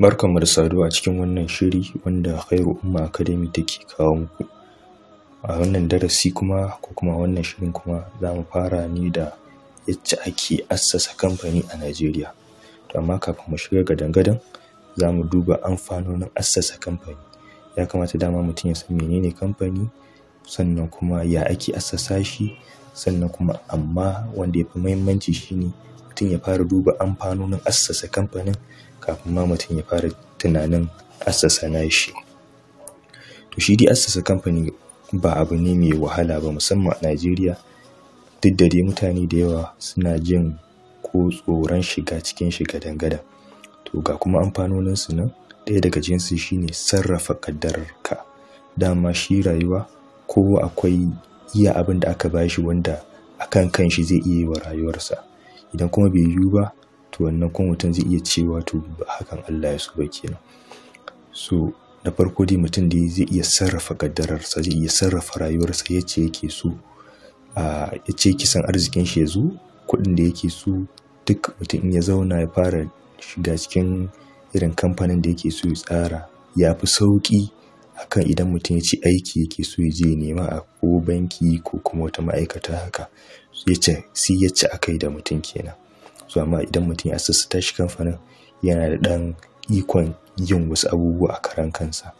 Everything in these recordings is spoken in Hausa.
Barkanmu da saduwa a cikin wannan shiri wanda Khairu Umma Academy take kawo muku. A wannan darasi kuma ko kuma wannan shirin kuma za mu fara ne da yacce ake assasa kamfani a Najeriya. To amma kafin mu shiga ga dangadan za mu duba amfanonin assasa kamfani. Ya kamata dama mutum ya san menene kamfani sannan kuma ya ake assasa shi sannan kuma amma wanda ya fi muhimmanci shine mutum ya fara duba amfanonin assasa kamfanin kafin ma mutum ya fara tunanin assasa nashi to shi dai assasa kamfani ba abu ne mai wahala ba musamman a Najeriya duk da dai mutane da yawa suna jin ko tsoron shiga cikin shiga dangada to ga kuma su nan ɗaya daga jinsi shine sarrafa kaddararka dama shi rayuwa ko akwai iya abin da aka bashi wanda akan kanshi zai iya yi wa rayuwarsa idan kuma bai yiwu ba wato wannan kuma mutum zai iya ce wato hakan Allah ya so ba kenan so da farko dai mutum da zai iya sarrafa kaddararsa zai iya sarrafa rayuwarsa ya ce yake so ya ce kisan arzikin shi ya zo kuɗin da yake so duk mutum in ya zauna ya fara shiga cikin irin kamfanin da yake so ya tsara ya fi sauƙi akan idan mutum ya ci aiki yake so ya je nema a ko banki ko kuma wata ma'aikata haka ya ce sai ya ci akai da mutum kenan so amma idan mutum ya sassata shi kamfanin yana da ɗan ikon yin wasu abubuwa a karan kansa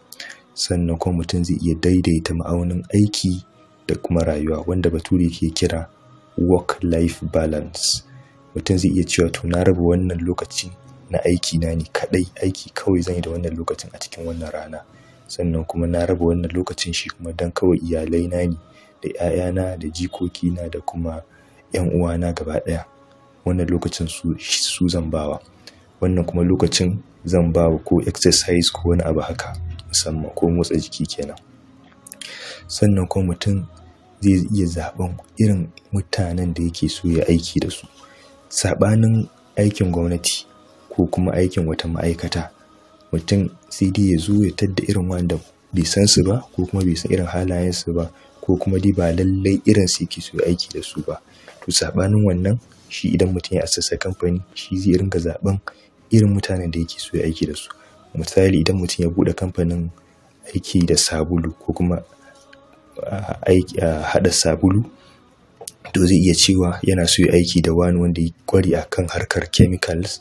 sannan kuma mutum zai iya daidaita ma'aunin aiki da kuma rayuwa wanda bature ke kira work life balance mutum zai iya cewa to na raba wannan lokaci na aiki na ne kadai aiki kawai zan yi da wannan lokacin a cikin wannan rana sannan kuma na raba wannan lokacin shi kuma dan kawai iyalai na ne da 'ya'yana da jikokina da kuma 'yan uwana gaba ɗaya wannan lokacin su zan bawa wannan kuma lokacin zan bawa ko exercise ko wani abu haka musamman ko motsa jiki kenan sannan kuma mutum zai iya zaben irin mutanen da yake so ya aiki da su saɓanin aikin gwamnati ko kuma aikin wata ma'aikata mutum sai dai ya zo ya tadda irin wanda bai san su ba ko kuma bai san irin halayensu ba ko kuma dai ba lallai irin su yake so ya aiki da su ba to saɓanin wannan shi idan mutum ya assasa kamfani shi zai ringa zaben irin mutanen da yake so ya aiki da su misali idan mutum ya buɗe kamfanin aiki da sabulu ko kuma a ah, ah, haɗa sabulu to zai iya cewa yana so ya aiki da wani wanda ya kware akan harkar chemicals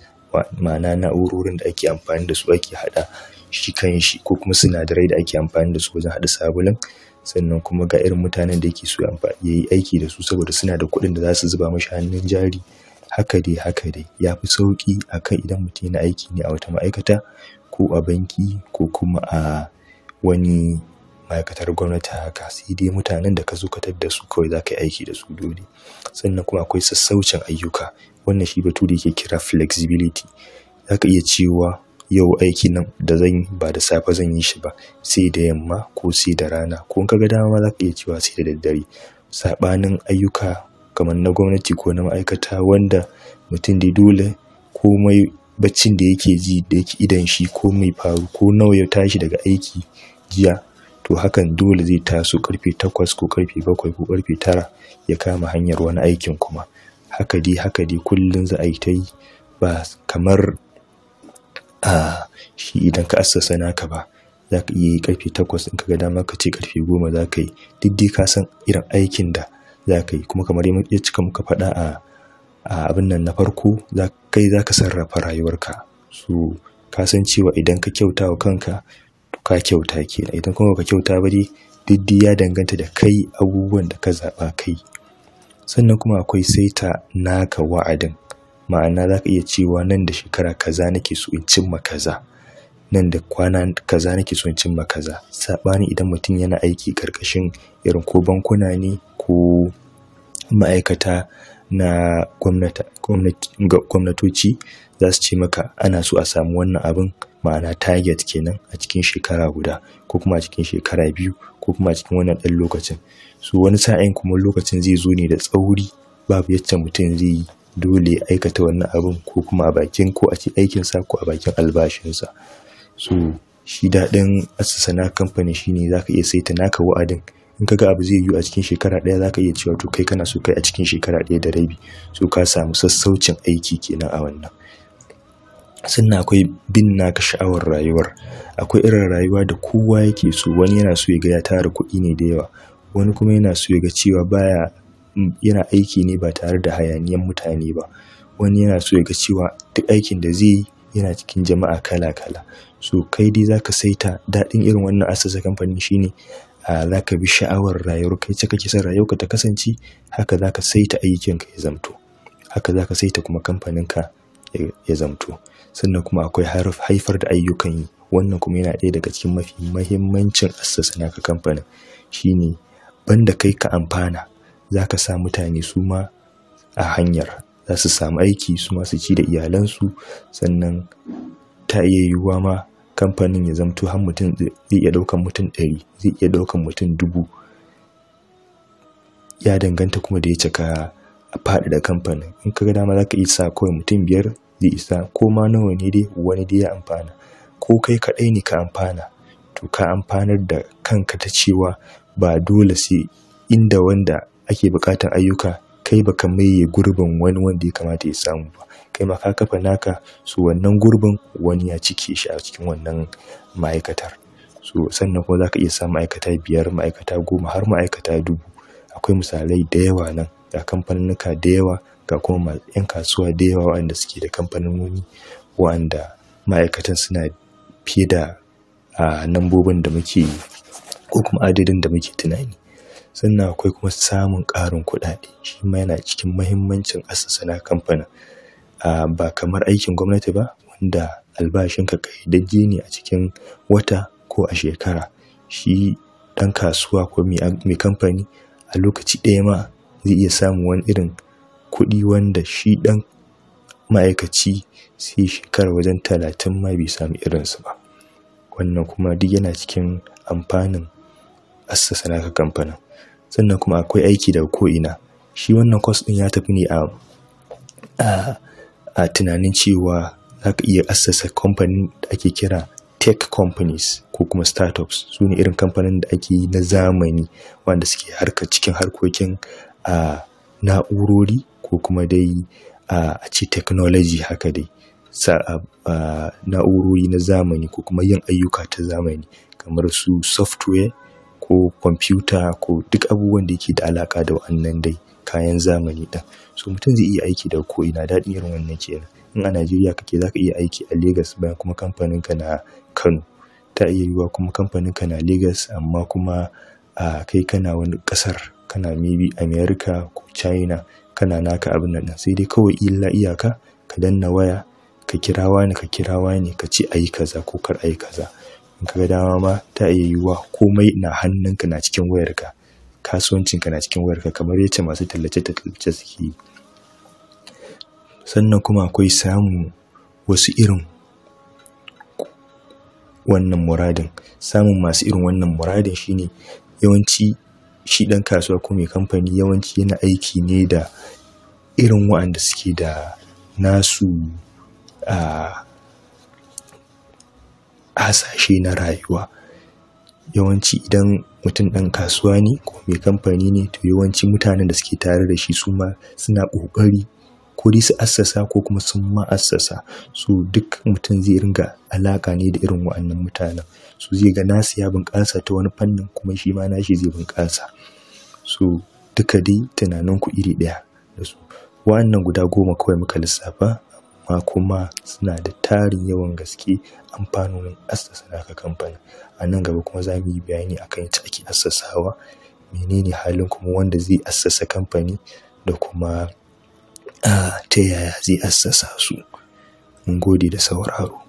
ma'ana na'urorin da ake amfani da su ake haɗa shi kan shi ko kuma sinadarai da ake amfani da su wajen haɗa sabulun sannan kuma ga irin mutanen da yake so ya yi aiki da su saboda suna da kuɗin da za su zuba mashi hannun jari haka dai haka dai ya fi sauƙi akan idan mutum yana aiki ne a wata ma'aikata ko a banki ko kuma a wani ma'aikatar gwamnati haka sai dai mutanen da ka zo ka tadda su kawai za ka yi aiki da su dole sannan kuma akwai sassaucin ayyuka wannan shi batu da yake kira flexibility za ka iya cewa yau aiki nan da zan yi ba da safe zan yi shi ba sai da yamma ko sai da rana ko in ga dama za ka iya cewa sai da daddare saɓanin ayyuka kamar na gwamnati ko na ma'aikata wanda mutum da dole komai baccin da yake ji da yake idan shi ko mai faru ko nawa ya tashi daga aiki jiya to hakan dole zai taso karfe takwas ko karfe bakwai ko karfe tara ya kama hanyar wani aikin kuma haka dai haka dai kullum za a yi ta yi ba kamar a shi idan ka assasa naka ba za ka iya yi karfe takwas in ka ga dama ka ce karfe goma za ka yi duk dai ka san irin aikin da za ka yi kuma kamar ya cika muka faɗa a abin nan na farko kai za ka sarrafa rayuwarka Su ka san cewa idan ka kyauta wa kanka ka kyauta kenan idan kuma ka kyauta ba dai diddi ya danganta da kai abubuwan da ka zaɓa kai sannan kuma akwai saita naka wa'adin ma'ana za ka iya cewa nan da shekara kaza nake so in cimma kaza nan da kwana kaza nake so in cimma kaza sabani idan mutum yana aiki karkashin irin ko bankuna ne ko ma'aikata na gwamnatoci za su ce maka ana so a samu wannan abin ma'ana target kenan a cikin shekara guda ko kuma a cikin shekara biyu ko kuma a cikin wannan ɗan lokacin su wani sa'in kuma lokacin zai zo ne da tsauri babu yacce mutum zai yi dole ya aikata wannan abin ko kuma a bakin ko a ci aikinsa ko a bakin albashinsa so shi daɗin assasa na kamfani shine za ka iya saita naka wa'adin in kaga abu zai yiwu a cikin shekara ɗaya za ka iya cewa to kai kana so kai a cikin shekara ɗaya da rabi so ka samu sassaucin aiki kenan a wannan sannan akwai bin naka sha'awar rayuwar akwai irin rayuwa da kowa yake so wani yana so ya ga ya tara kuɗi ne da yawa wani kuma yana so ya ga cewa baya Mm, yana aiki ne ba tare da hayaniyan mutane ba wani yana so ya ga cewa duk aikin da zai yi yana cikin jama'a kala-kala so kai dai zaka saita daɗin irin wannan asasa kamfanin shine za ka bi sha'awar rayuwar kai ce kake son rayuwarka ta kasance haka za ka saita ka ya zamto haka za saita kuma kamfanin ka ya zamto sannan kuma akwai haifar da ayyukan yi wannan kuma yana ɗaya daga cikin mafi mahimmancin assasa naka kamfanin shine banda kai ka amfana za ka sa mutane su ma a hanyar za su samu aiki su ma su ci da iyalansu sannan ta iya yiwuwa ma kamfanin ya zamto har mutum zai iya ɗaukan mutum ɗari zai iya ɗaukan mutum dubu ya danganta kuma da ya cika a da kamfanin in ka ga dama za ka iya sa kawai mutum biyar zai isa ko ma nawa ne dai wani dai ya amfana ko kai kaɗai ne ka amfana to ka amfanar da kanka ta cewa ba dole sai inda wanda ake buƙatar ayyuka kai baka maye gurbin wani wanda ya kamata ya samu ba kai ma ka kafa naka su wannan gurbin wani ya cike shi a cikin wannan ma'aikatar so sannan kuma ka iya samun ma'aikata biyar ma'aikata goma har ma'aikata dubu akwai misalai da yawa nan ga kamfanunuka da yawa ga kuma 'yan kasuwa da yawa wanda suke da kamfanoni wanda ma'aikatan suna fiye da a ah, nambobin da muke ko kuma adadin da muke tunani sannan akwai kuma samun ƙarin kuɗaɗe shi ma yana cikin mahimmancin asasa na kamfanin ba kamar aikin gwamnati ba wanda albashinka ƙayyadajje ne a cikin wata ko a shekara shi ɗan kasuwa ko mai kamfani a lokaci ɗaya ma zai iya samun wani irin kuɗi wanda shi ɗan ma'aikaci sai shekara wajen talatin ma bai samu irinsu ba wannan kuma duk yana cikin amfanin assasa naka kamfanin sannan kuma akwai aiki daga ko'ina shi wannan kwas ɗin ya tafi ne a tunanin cewa za ka iya assasa kamfanin da ake kira tech companies ko kuma startups su ne irin kamfanin da ake yi na zamani wanda suke harka cikin harkokin a na'urori ko kuma dai a ci technology haka dai na'urori na zamani ko kuma yin ayyuka ta zamani kamar su software ko kwamfuta ko duk abubuwan da yake da alaƙa da wannan dai kayan zamani ɗin. So mutum zai iya aiki da ko ko'ina daɗin irin wannan ke In a Najeriya kake za ka iya aiki a Legas bayan kuma kamfaninka na Kano. Ta iya yiwuwa kuma kamfaninka na Legas amma kuma a kai kana wani ƙasar kana maybe America ko China kana naka abin nan sai dai kawai illa iyaka ka danna waya ka kira wani ka kira wani ka ce ayi kaza ko kar ayi kaza. in ka ga dama ma ta iya yiwuwa komai na hannunka na cikin wayarka kasuwancinka na cikin wayarka kamar yace masu tallace-tallace suke sannan kuma akwai samun wasu irin wannan muradin samun masu irin wannan muradin shine yawanci shi dan kasuwa ko mai kamfani yawanci yana aiki ne da irin waɗanda suke da nasu a ah, hasashe na rayuwa yawanci idan mutum ɗan kasuwa ne ko mai kamfani ne to yawanci mutanen da suke tare da shi su ma suna ƙoƙari ko dai su assasa ko kuma sun ma assasa su duk mutum zai ringa alaƙa ne da irin wa'annan mutanen su zai ga nasu ya bunƙasa ta wani fannin kuma shi ma nashi zai bunƙasa Su duka dai ku iri ɗaya da su wa'annan guda goma kawai muka lissafa amma kuma suna da tarin yawan gaske amfanonin assasa naka kamfani a nan gaba kuma za mu yi bayani a kan yadda ake assasawa menene halin kuma wanda zai assasa kamfani da kuma ah, ta yaya zai assasa su mun gode da sauraro